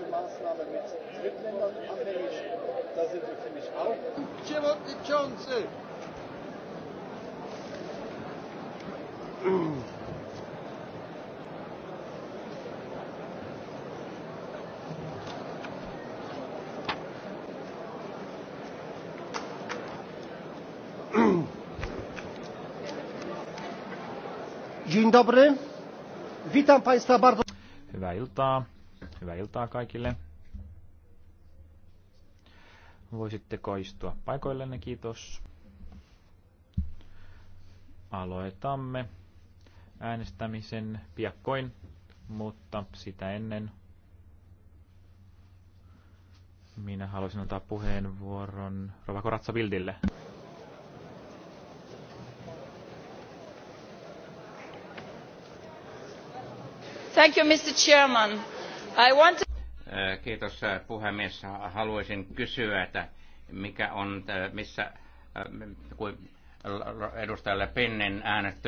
politische Maßnahme mit Drittländern abhängig. Da sind wir, für mich auch. Dzień dobry. Witam Państwa bardzo. Hyvää iltaa. Hyvää iltaa kaikille. Voisitte koistua paikoillenne, kiitos. Aloitamme äänestämisen piakkoin, mutta sitä ennen minä haluaisin antaa puheenvuoron Rova Koratsa Thank you, Mr. Chairman. I want to... Kiitos puhemies. Haluaisin kysyä, että mikä on, missä, edustajalle Pinnin äänet